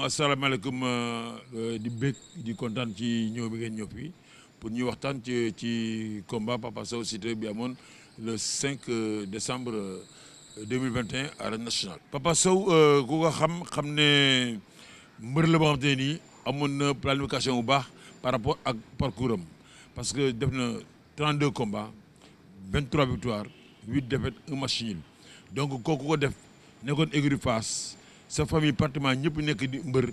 bon asalaamaaleykum euh, euh, di bég di kontaan ci ñëw bi ngeen ñëw pour ñu waxtaan ci ci combat Papa Sow Siteu bi amoon le 5 euh, décembre 2021 arène nationale. Papa Sow ku ko xam xam ne mbër la boo xam te nii amoon na planification bu baax par rapport ak parcours parce que def na 32 combats 23 victoires 8 défaites 1 match nul donc kooku ko def nekkoon écurie Fass. sa famille pratiquement ñëpp nekk di mbër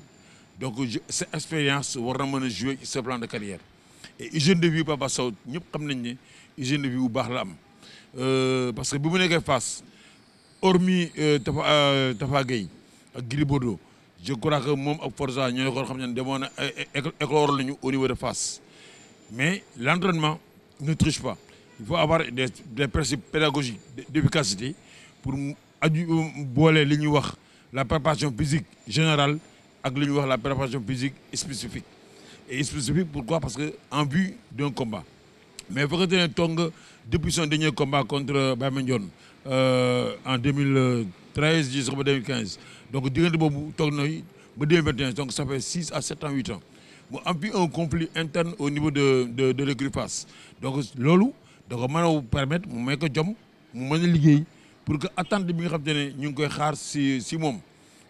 donc sa expérience war na mën a jouer ci sa plan de carrière et hygiène de vie Papa Sow ñëpp xam nañ ne hygiène de vie bu baax la am euh, parce que bi mu nekkee Fass hormis euh, Tafa euh, Tafa Gueye ak Gris Bordeaux je crois moom ak Forza ñoo ko xam ne demoon na éclore lañu au niveau de Fass mais l'entraînement ne triche pas il faut avoir des des principes pédagogiques d'efficacité pour aju boole li ñuy wax. la préparation physique générale ak lu ñuy wax la préparation physique spécifique et spécifique pourquoi parce que en vue d'un combat mais fekkante ne toog nga depuis son dernier combat contre Baye Mandione euh, en 2013 jusqu'en 2015 donc diggante boobu toog na ba 2021 donc ça fait 6 à 7 ans 8 ans mu am fi un conflit interne au niveau de de de l'écurie Fass donc loolu da ko mën a jom mu mën a pour que attente bi nga xam te ne ñu ngi koy xaar si si moom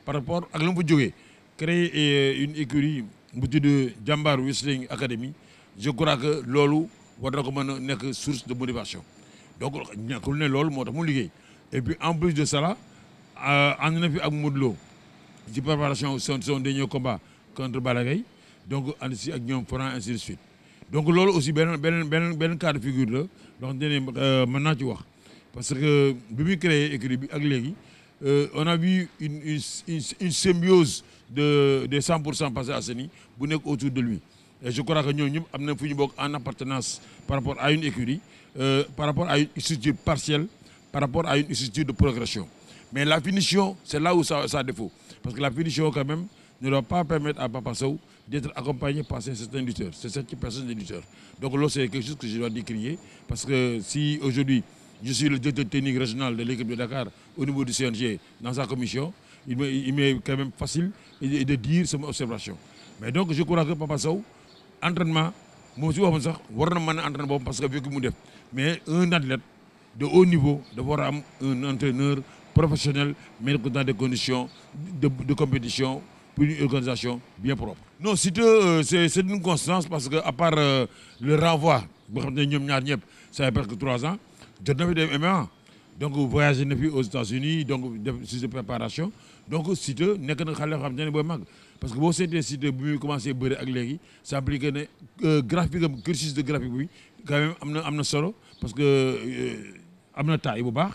par rapport ak lu mu fa jógee créer euh, une écurie bu tudd Jambar Wrestling Academy je crois que loolu war na ko mën a nekk source de motivation donc ñàkkul ne loolu moo tax mu liggéey et puis en plus de cela euh, ànd na fi ak Modou Lo ci préparation son son dernier combat contre Balla Gaye donc ànd si ak ñoom Franc ainsi de suite donc loolu aussi beneen beneen beneen beneen cas de figure la donc dene euh, mën naa ci wax parce que bi muy créé écrit bi ak léegi euh, on a vu une une une, une symbiose de des 100 pour cent bu nekk autour de lui et je crois que ñooñu ñëpp am na fu ñu bokk en appartenance par rapport à une écurie euh, par rapport à une structure partielle par rapport à une structure de progression mais la finition c'est là où ça ça défaut parce que la finition quand même ne doit pas permettre à Papa Sow d'être accompagné par ces certains lutteurs ces certaines personnes de lutteurs donc loolu que je Je suis le directeur technique régional de l'équipe de Dakar au niveau du CNG dans sa commission. Il m'est quand même facile de dire sama observation. Mais donc je crois Papa Sow entraînement moom si waxoon sax war na parce que vécu mu def mais un athlète de haut niveau dafa war am un entraîneur professionnel mais dans des de, de compétition pour une organisation bien propre. non surtout euh, c'est c'est une constance parce que à part euh, le boo xam ne ñëpp ça fait jot na fi dem MMA donc voyagé na fi aux États-Unis donc def si de préparation donc Siteu nekk na xale yoo xam ne booy mag parce que boo seetee Siteu bu muy commencé bëri ak léegi ça implique ne euh, graphique am cursus de graphique bi quand même am na am na solo parce que euh, am na taille bu baax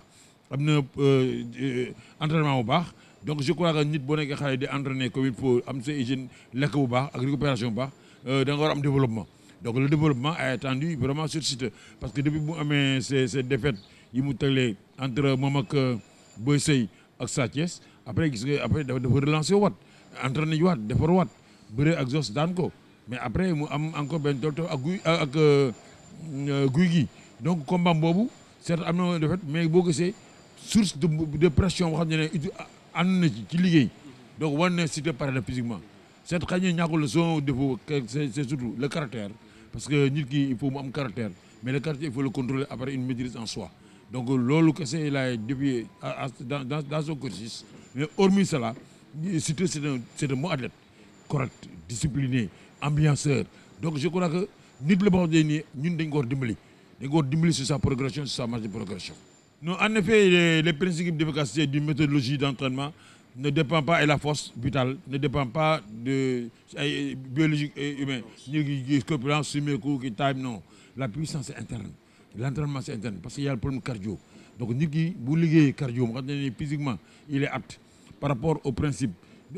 am na euh, entraînement bu baax donc je crois que nit boo nekkee xale di entraîner comme il faut am sa hygiène lekk bu baax ak récupération bu baax da nga war am développement donc le développement a attendu vraiment sur site parce que depuis bu amee ces ces yi mu teglee entre moom ak euh, Boy Sey ak Sa après gis nga après dafa relancer waat entraîné waat defar waat bëre ak Zos daan ko mais après mu am encore benn tool ak guy euh, ak euh, guy gi donc combat boobu certes am na mais boo gisee source de de pression boo xam ne ne it na ci ci liggéey donc war na cité pare na physiquement certes xëy na ñàkkul ko son défaut c'est surtout le caractère parce que nit ki il faut mu am caractère mais le caractère il faut le contrôler après une maîtrise en soi donc loolu kese laay depuis dans son cursus mais hormis cela c'est un c'est correct discipliné ambianceur donc je crois que nit la boo xam ne nii ñun dañ ko war dimbali dañ ko war dimbali sur sa progression sur sa marche de progression. non en effet les principes d'efficacité d'une méthodologie d'entraînement ne dépend pas et la force vitale ne dépend pas de ay biologique et humain ñu ngi gis corpulence sumeeku ki time non la puissance est interne l'entraînement c'est interne parce qu'il y a le problème cardio donc nit ki bu liggéeyee cardio moo xam ne physiquement il est apte par rapport au principe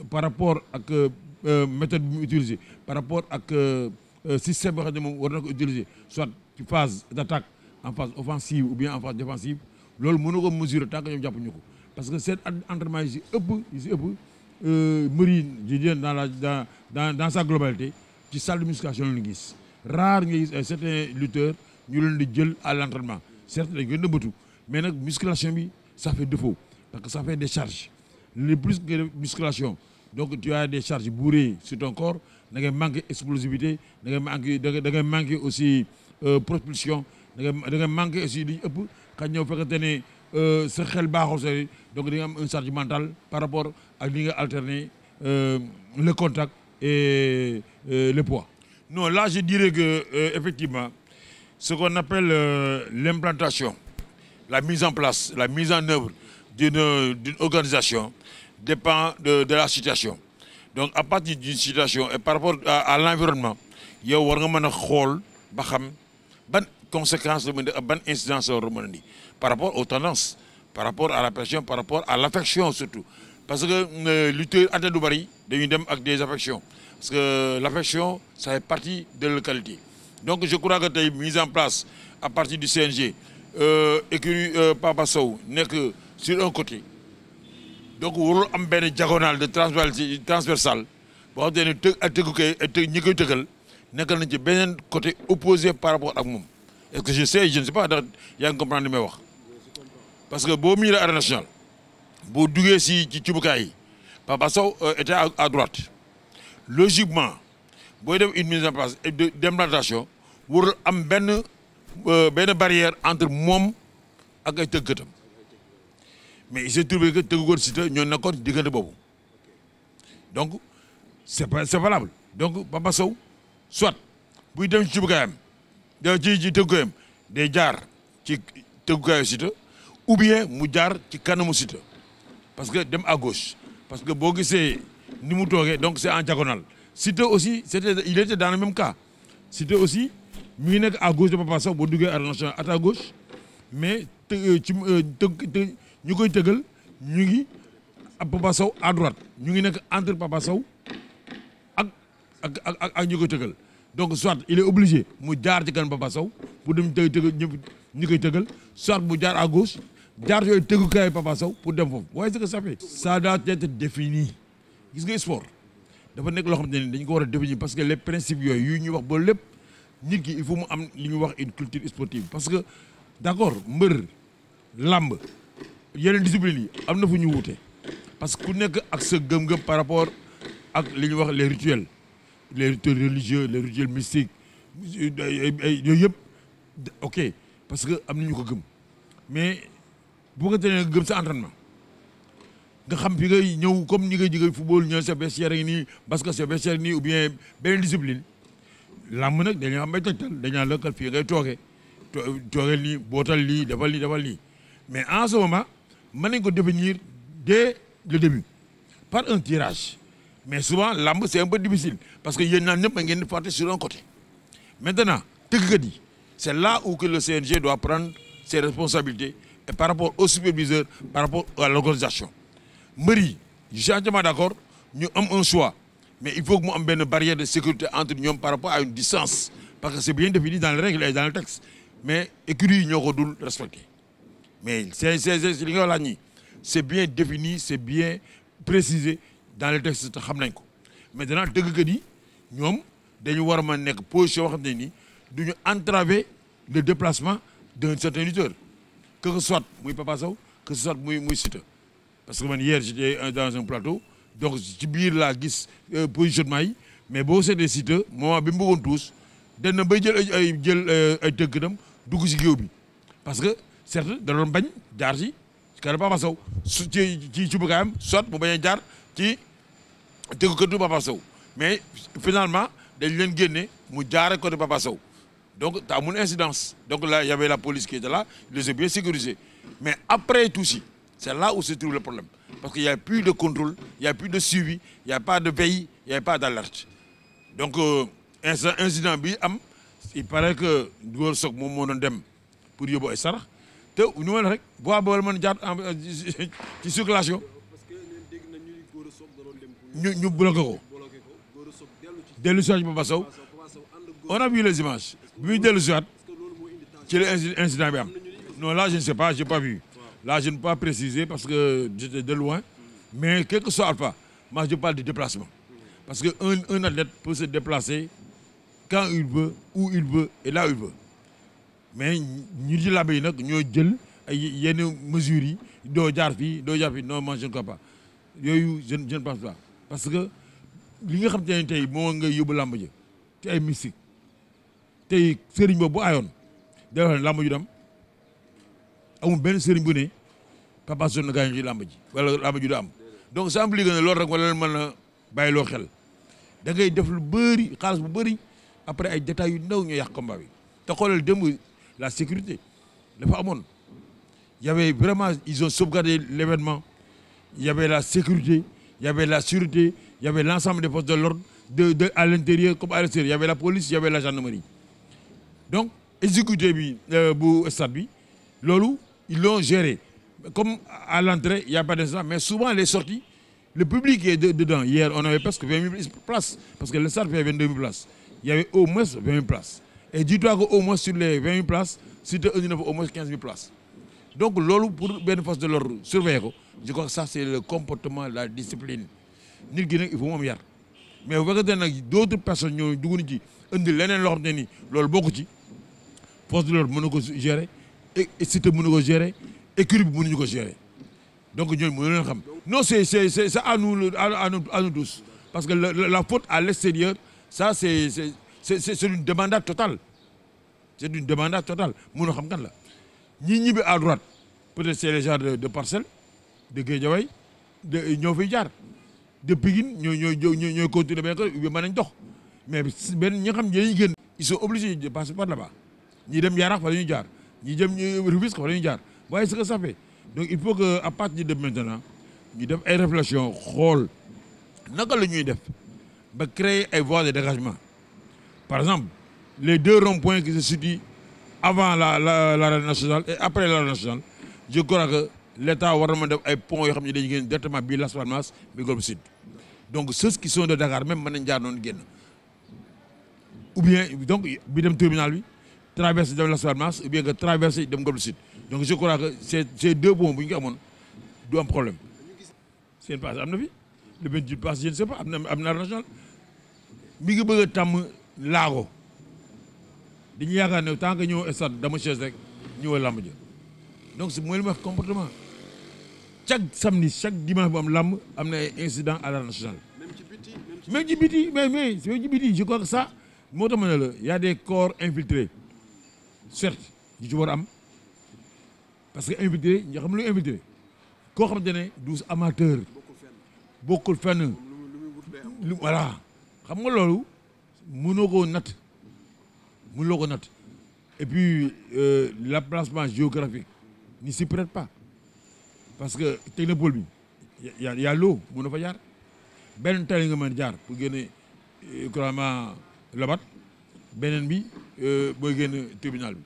par rapport ak euh, euh, méthode bi mu utiliser par rapport ak euh, système boo xam ne moom war na ko soit ci phase d'attaque en phase offensive ou bien en phase défensive loolu mënu ko mesurer tant que ñoom jàppuñu ko parce que seen entraînement yi ëpp yi si ëpp euh, mbër yi dans la dans dans dans sa globalité ci salle de musculation la ñu gis rare nga gis ay certains lutteurs ñu leen jël à l' entraînement de dañ koy nëbbatu mais nag musculation bi ça fait défaut parce que ça fait des charges le plus que musculation donc tu as des charge bourrées sur ton corps da ngay manqué explosivité da ngay aussi euh, propulsion da ngay da ngay manqué aussi li ëpp xañ ñëw fekkante Euh, sa xel baaxul sa donc di nga am un charge mentale par rapport ak li nga alterner euh, le contact et euh, le poids. non là je dirais que effectivement ce qu'on appelle l'implantation la mise en place la mise en œuvre d'une d'une organisation dépend de de la situation donc à partir d'une situation et par rapport à, à l'environnement yow war nga mën a xool ba xam ban conséquence la mën a ban incidence la war par rapport au tendances par rapport à la pression par rapport à l'affection surtout parce que euh, lutteur athlète du bëri dañuy dem ak des affections parce que l'affection ça fait partie de la qualité donc je crois que tey mise en place à partir du CNG euh, écurie euh, Papa Sow nekk sur un côté donc warul am benn diagonale de transversale boo xam te ne tëg ak tëggu koy tëg ñi koy tëgal ci beneen côté opposé par rapport ak moom est-ce que je sais je ne sais pas ndax yaa ngi comprendre li may wax parce que boo miiree arène nationale boo duggee si ci cubukaay yi Papa Sow euh, était à droite logiquement booy def une mise place d'implantation warul am benn euh, benn barrière entre moom ak ay tëggkatam mais il s'est trouvé que tëggukoon si te ñoo nekkoon diggante boobu donc c'est donc Papa Sow soit buy dem ci cubukaayam ci ci jaar ci tëggukaayu si te ou bien mu jaar ci kanamu Siteu parce que dem à parce que boo gisee ni mu toogee donc c'est en jagonal Siteu aussi c'était il était dans ka même cas aussi mu ngi nekk à gauche de Papa Sow boo duggee Arène Nationale à gauche mais euh, ci euh, të ñu koy tëgal ñu ngi Papa Sow à droite ñu ngi nekk entre Papa Sow ak ak ak ak ñu koy tëgal donc soit il est obligé mu jaar ci kanam Papa saw pour dem tëg tëg ñu koy tëgal soit mu jaar à jaar yooyu tëggukaayu Papa Sow pour dem foofu waaye ce que ça fait ça doit être défini gis nga sport dafa nekk loo xam ne dañ ko war a définir parce que les principes yooyu ñu ñuy wax ba lépp nit ki il faut mu am li ñuy wax une culture sportive parce que d'accord mbër làmb yeneen discipline yi am na fu ñu wuute parce que ku nekk ak sa gëm-gëm par rapport ak li ñuy wax les rituels les rituels religieux les rituels mystiques euh, euh, euh, yooyu yëpp ok parce que am na ñu ko gëm bu nga tene nga gëm sa nga xam fi ngay ñëw comme ñi ngay jóge football ñëw sa vestiaire nii parce que sa vestiaire nii ou bien beneen discipline làmb nag dañoo am ay tegtal dañaa lëkkal fii ngay toogee toogee lii bootal lii defal lii defal lii mais en ce moment mën nañ ko définir dès le début par entirage mais souvent làmb c'est un peu difficile parce que yéen naan ñëpp a ngeen di fàtte sur un côté maintenant tëggkat yi c'est là où que le CNG doit prendre ses responsabilités et par rapport au superviseur par rapport à l'organisation mbër yi je suis entièrement d'accord ñu am un choix mais il faut mu am benn barrière de sécurité entre ñoom par rapport à une distance parce que c'est bien défini dans les règles et dans le texte mais écuries yi ñoo ko dul respecté mais c'est li nga laaj ñi c'est bien défini c'est bien précisé dans le texte te xam nañ ko mais danaa dëggkat yi ñoom dañu war a mën nekk position yoo xam ne nii du ñu entraver le déplacement d'un certain que ce muy Papa Sow que ce muy muy parce que man hier j'étais euh, dans un plateau donc ci biir laa gis euh, positionnement yi mais boo seetee Siteu moment bi mu bëggoon tuus dem na bay jël ay jël euh, ay tëgginam dugg si géew bi parce que certes da bañ jaar si kër Papa Sow su ci ci cubukaayam soit mu bañ jaar ci tëggkatu Papa Sow mais finalement dañ leen génne mu jaar côté Papa Sow Donc, tu as mon incidence. Donc là, y avait la police qui était là, ils les ont bien sécurisés. Mais après tout ci, c'est là où se trouve le problème. Parce qu'il n'y a plus de contrôle, il n'y a plus de suivi, il n'y a pas de veille, il n'y a pas d'alerte. Donc, euh, incident, il paraît que nous avons mon nom pour Yobo et Sarah. te nu ma la rek bu waa boole mën jaar ci circulation ñu ñu bloqué ko dellu si waat Papa Sow on a vu le images bi muy dellu si la incident bi am non la je ne sais pas j'ai pas vu là je pas préciser parce que j'étais de loin mais quel que soit Alpha moi je parle du déplacement parce que un un athlète peut se déplacer quand il veut où et là où mais ñu di làmb yi nag ñoo jël ay yenn mesures yi doo jaar fii doo jaar fii non moi je ne pas yooyu je je pas parce que li nga xam te ne tey moo nga yóbbu làmb ji te ay mystique te sëriñ boobu ayoon aayoon day wax làmb ju dem amul benn sëriñ bu ne Papa Sow na gaañu ci làmb ji wala làmb ju am donc ça implique ne loolu rek wala leen mën a bàyyiloo xel da ngay def lu bëri xaalis bu bëri après ay détails yu ndaw ñu yàq combat bi te xoolal démb la sécurité dafa amoon y avait vraiment ils ont sauvegardé l'événement y avait la sécurité y avait la sûreté y avait l'ensemble des forces de l'ordre la police y avait la gendarmerie donc exécuté bi euh, bu stade loolu ils l'ont géré comme à l'entrée il y a pas d'incident mais souvent les sorties le public est dedans hier on avait presque vingt parce que le stade fait vingt deux mille places il y avait au moins vingt mille places et dis-toi que au moins sur les vingt mille places Siteu indi na au moins places donc loolu pour benn force de l'ordre surveiller ko je crois que ça c'est le comportement la discipline nit gi nag il faut moom yar mais bu fekkee nag d'autres personnes ñoo dugg ci indi leneen loo xam ne nii loolu bokku ci poste de l'ordre mën na ko gérer cité mën na ko gérer écurie bi mënuñu ko gérer donc ñooñu mënu leen xam non c'est c'est c'est parce que la, la, la à l'extérieur ça c'est c'est c'est c'est une débandade totale c'est une débandade totale mënoo xam kan la ñi ñibbi à droite peut-être c'est les gens de de Parcelles de Guédiawaye de ñoo fiy jaar de Pikine ñooy ñooy ñooy ñooy continuer ba nga ko mën nañ dox mais benn ñi nga xam ne dañuy génn ils sont obligés de passer par là ñu dem Yaraax fa la jaar ñi jëm ñu Rufisque la ñuy jaar waaye ce que ça fait donc il faut que à partir de maintenant ñu def ay réflexion xool naka la ñuy def ba créer ay voies de dégagement par exemple les deux ronds-points qui se situent avant la la l'arène nationale et après l'arène nationale je crois que l'État war na mën def ay ponts yoo xam ne dañu génn directement bii Las Palmas bi Golf Sud donc ceux qui sont de Dakar même mën nañ jaar noonu génn ou bien donc bi dem terminal bi traverse dem Las Palmas ou bien nga traverser dem Golf Sud donc je crois que ces ces deux ponts bu ñu ko amoon du am problème seen passe am na fi le vingt-huit passe je ne sais pas am na am na national mi ngi bëgg a tàmm laago dañuy yaakaar ne tant que ñëw stade dama chaise rek ñëw làmb ja donc si mooy li ma wax comportement chaque samedi chaque dimanche bu am làmb am na ay incident à l'arène nationale même ci biti mais mais même ci je crois que ça moo tax ma ne la ya des corps infiltrés certes ñu ci war am parce que invité ñoo xam lu invité koo xamante ne du amateur bokkul fen lu voilà xam nga loolu mënoo koo natt mënuloo ko natt et puis la euh, l'emplacement géographique n'y s'y prête pas parce que technopole bi ya yaa loo mën a jaar benn tali nga mën jaar pour génne euh, couramment labat beneen bi Euh, booy génn tribunal bi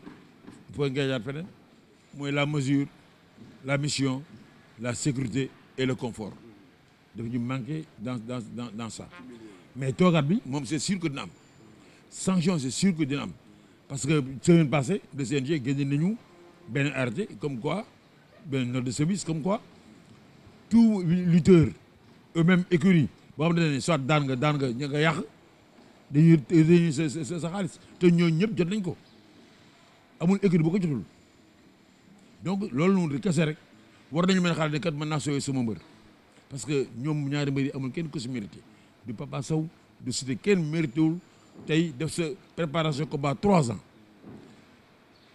il faut nga jaar feneen mooy la mesure la mission la sécurité et le confort dafa ñu manqué dans dans dans dans ça mais toogaat bi moom c'est sûr que dina am sanction c'est sûr que dina am parce que semaine passée le CNG génne nañu benn arrêté comme quoi benn note de service comme quoi tout lutteur eux-mêmes écurie boo xam ne soit daan nga daan nga ña nga yàq dañuy sa sa xaalis te ñoo ñëpp jot nañ ko amul équipe bu ko jotul donc loolu noonu di kese rek war nañu mën a xalaat ne kat mën na sooyee sama mbër parce que ñoom ñaari mbër yi amul kenn ku si mérité du Papa Sow du Siteu kenn mérité wul tey def sa préparation combat trois ans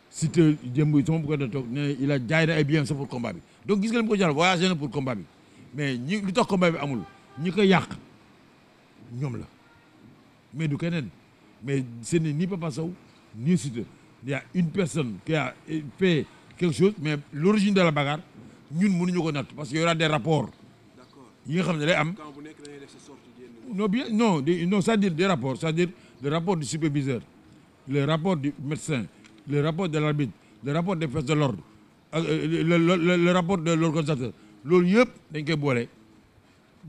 Siteu jëmb sama bu ko da toog ne il a jaay na ay biens sax pour combat bi donc gis nga li mu ko jaral voyagé na pour combat bi mais ñi lu tax combat bi amul ñi ko yàq ñoom la mais du keneen mais ce n'est ni Papa Sow ni Siteu il une personne qui a fait quelque chose mais l'origine de la bagarre ñun mënuñu ko natt parce que y aura rapport rapports yi nga xam ne day am non bien non des, non c'est-à-dire des rapports c'est-à-dire le rapport du superviseur le rapport du médecin le rapport de l'arbitre le rapport des forces de l'ordre ak euh, euh, le, le, le, rapport de l'organisateur loolu yëpp dañ koy boole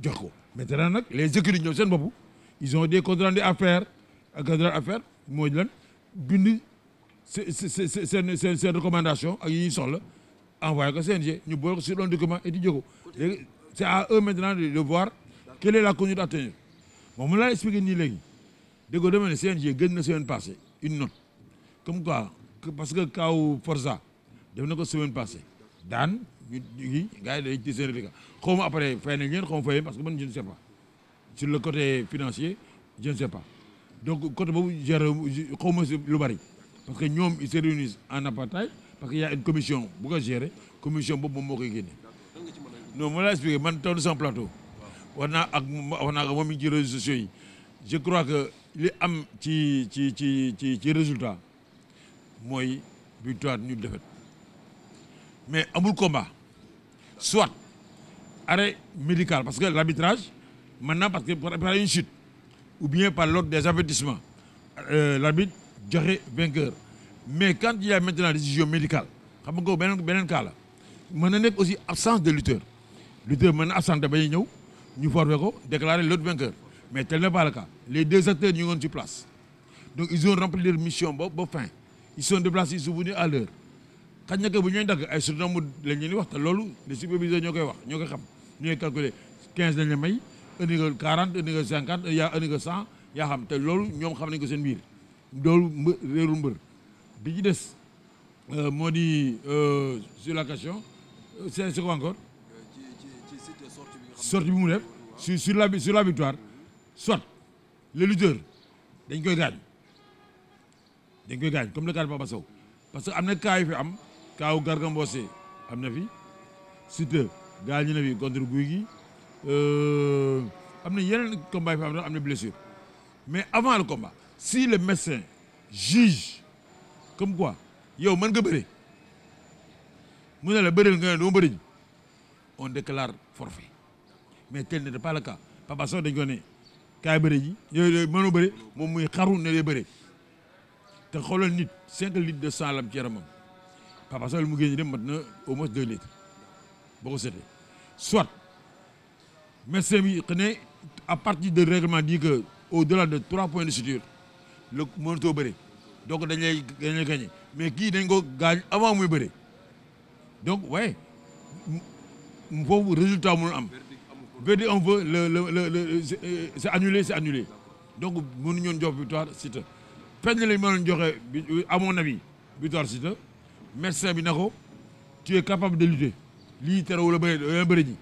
jox ko maintenant nag les écuries ñoom sen bopp ils ont des comptes rendus à faire ak compte rendu à faire mooy lan bind seen recommandation ak yi ñuy soxla envoyé ko CNG ñu boole ko sur un document et di a léegi c' est à eux de voir quelle la conduite moom mu laa expliqué nii léegi déggoo dama ne CNG gën na semaine passée une note comme quoi parce que kaw Forza def na ko semaine passée daan ñu ñu gars yi dañuy téye seen rédicat xaw après fay nañ leen parce que man je ne sais sur le côté financier je ne sais pas donc côté boobu géré xaw ma si lu bari parce que ñoom ils se réunissent en apartheid parce que y a une commission bu ko gérer commission boobu moom moo koy génne non moo laa expliqué man toog na sama plateau wax ak wax naa moom mi ci je crois que li am ci ci ci ci ci résultat mooy victoire ñu defet mais amul combat soit arrêt médical parce que l'arbitrage maintenant parce que par une chute ou bien par l'ordre des avertissements euh, l'arbitre joxe vainqueur mais quand il y a maintenant décision médicale xam nga ko beneen beneen cas la mën na nekk aussi absence de lutteur lutteur mën na absente ba ñëw ñu forfait ko déclarer l'autre vainqueur mais tel n'est pas le les deux acteurs ñu ngoon ci place donc ils ont rempli mission ba ba fin ils sont déplacés ils sont venus à l'heure xaj na que bu ñooy ñu di wax te loolu le superviseurs ñoo koy wax ñoo koy xam ñooy calculer quinze lañ may indi nga 40 indi nga 50 yaa indi nga 100 xam te loolu ñoom xam nañ ko biir loolu mbë réeru mbër bi ci des euh, moo di euh, sur la question euh, c'est bi mu def sur la victoire soit le lutteur dañ koy gaañ dañ koy gaañ comme le cas de Papa Sow que am na cas fi am kaaw Garga Mbossé am na fi Siteu gaañu na fi contre Gouye Gui. Euh, am na yeneen combat yi fa am am na blessure mais avant le combat si le médecin juge comme quoi yow mën nga bëri mu ne la bëril nga ne doo bëriñ on déclare forfait mais tel n'était pas le cas Papa Sow dañ ko ne kaay ji yooyu mënoo bëri moom muy xaru ne lay bëri te xoolal nit cinq litres de sang lam ci yaramam Papa Sow mu génn dem mat na au moins deux litres boo ko soit médecin bi ne à partir de règlement dit que au-delà de trois points de suture la mënatoo bëre donc dañ lay mais kii dañ ko gaañ avant muy bëre donc waaye foofu résultat mënul am verdict am fa le le le le euh, c'est annulé c'est annulé donc mënuñoon jox victoire Siteu peine lañ mënoon joxe à mon victoire Siteu médecin bi na ko tu es capable de lutter lii terewul a bëri bëri ñi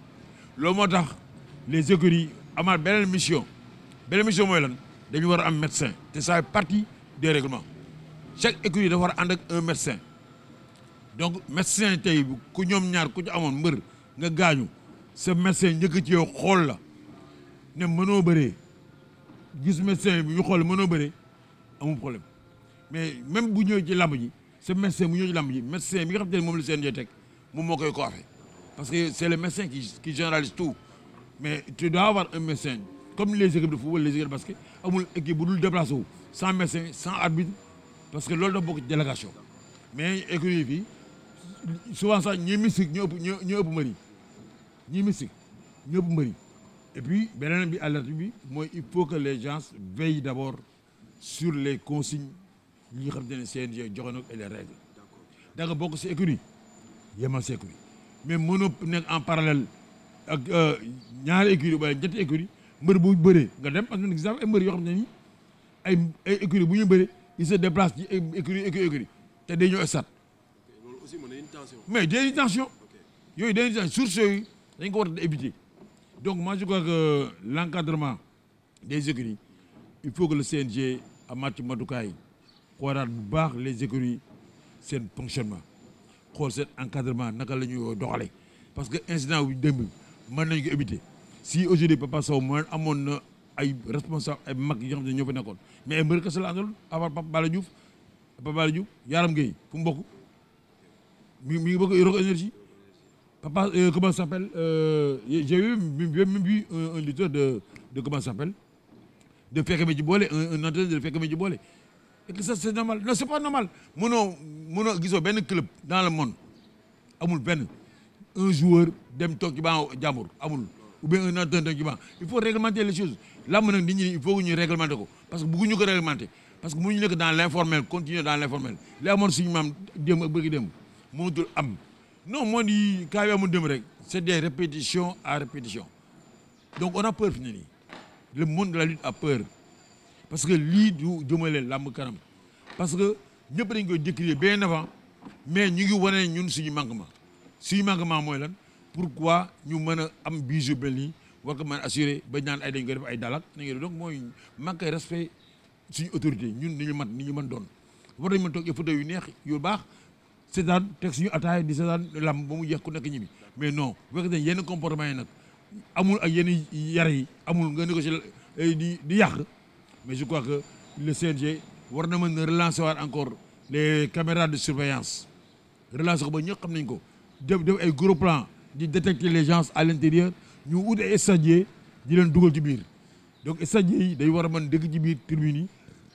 loolu tax les écuries amaat beneen mission beneen mission mooy lan dañu war a am médecin te ça fait partie des règlements chaque écurie dafa war a ànd ak un médecin donc médecin tey ku ñoom ñaar ku ci amoon mbër nga gaañu sa médecin njëkk ci xool la ne mënoo bëree gis médecin bi ñu xool mënoo bëree amul problème mais même bu ñëwee ci làmb ji sa médecin bu ñëwee ci ji médecin bi nga xam te moom la seen teg moom moo koy coiffé parce que c'est le médecin qui qui généralise tout mais tu dois avoir un médecin comme les équipes de football les équipes de basket amul équipe bu dul sans médecin sans arbitre parce que loolu da bokk ci délégation mais écuries yi fii souvent sax ñi mystique ñoo ëpp ñoo ëpp mbëri ñi mystique ñoo ëpp mbëri et puis beneen bi alerte bi mooy il faut que les gens veillent d'abord sur les consignes ñi nga xam te CNG joxe na et les règles da bokk si écurie yemal si écurie mais mënoo en parallèle ak euh, ñaari écurie wala ñetti écurie mbër bu bëree nga dem parce que gis naa ay mbër yoo xam ne nii ay ay écurie bu ñu bëree ils se déplacent ci écurie écurie écurie te day ñëw stade loolu aussi mën na une tension mais day une tension yooyu day une tension dañ ko war a éviter donc moi je crois que l' des écuries il faut que le CNG amaat ci matukaay xoolaat bu baax les écuries seen fonctionnement xool seen encadrement naka la ñuy doxalee parce que incident wu mën nañu ko éviter si aujourd'hui Papa Sow mooy amoon na ay responsable ay mag yi nga xam ne ñoo fa nekkoon mais ay mbër kese la àndal avant Papa Bala Diouf Papa Bala Diouf Yaram Gueye fu mu bokk mi mi ngi bokk Rock Énergie papa euh, comment ça s'appelle euh, j'ai même vu un lutteur de de comment ça s'appelle de fekk mi ci boole un entraîneur de fekk mi ci boole et que ça c'est normal non c'est pas normal mënoo mënoo gisoo benn club dans le monde amul benn un joueur dem toog ci amul ou bien un il faut réglementer les choses làmb nag nit ñi il faut que ñu réglementer ko parce que bëgguñu ko réglementer parce que mënuñu nekk dans l' informel continuer dans l' informel li amoon suñu maam démb ak bëgg démb am non moo di kaa yi amul démb rek c' des répétitions à répétition donc on a peur fi ne nii le monde de la lutte a peur parce que lii du jëmale làmb kanam parce que ñëpp dañ koy décrier bien mais ñu ngi wane ñun suñu manquement suñu manquement mooy lan pourquoi ñu mën a am bijou mel nii war ko mën a assuré ba ñaan ay dañ koy def ay dalak nañ donc mooy manqué respect suñu autorité ñun ni ñu mat ni ñu mën doon war nañ mën toog ay yu neex yu baax seetaan teg suñu ataay di seetaan làmb ba mu jeex ku nekk ñibbi mais non bu fekkee yenn comportement yi nag amul ak yenn yare yi amul nga négocier eh, di di yàq mais je crois que le CNG war na mën a relancer waat encore les caméras de surveillance relancer ko ba ñëpp xam nañ ko def def ay gros plan di détecter les gens à l'intérieur ñu ut ay stagiaires di leen dugal ci biir donc stagiaires yi day war a mën dëkk ci biir tribune yi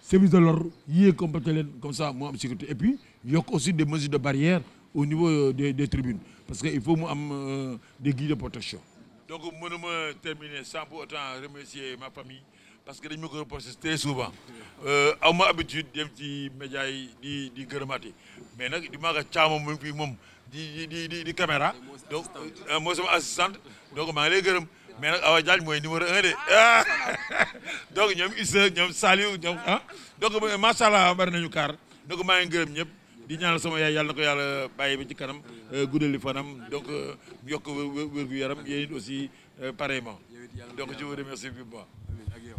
service de l'ordre yéeg complété leen comme ça moo am sécurité et puis yokk aussi de mesures de barrière au niveau euh, des des tribunes parce que il faut mu am euh, des guides de protection donc mënuma terminer sans pour autant remercier ma famille parce que dañ ma ko reproché très souvent euh, aw ma habitude dem ci média yi di di gërëmaati mais nag di maaga caama mu fii moom di di di di euh, donc maa ngi lay gërëm mais nag ñoom Issa ñoom Saliou ñoom ah bari nañu kaar donc maa ngi gërëm ñëpp di ñaanal sama yaay yàlla na ko yàlla bàyyi ba ci kanam euh, guddali fanam donc yokk wér-gu-yaram yéen it aussi pareillement ci je vous remercie bi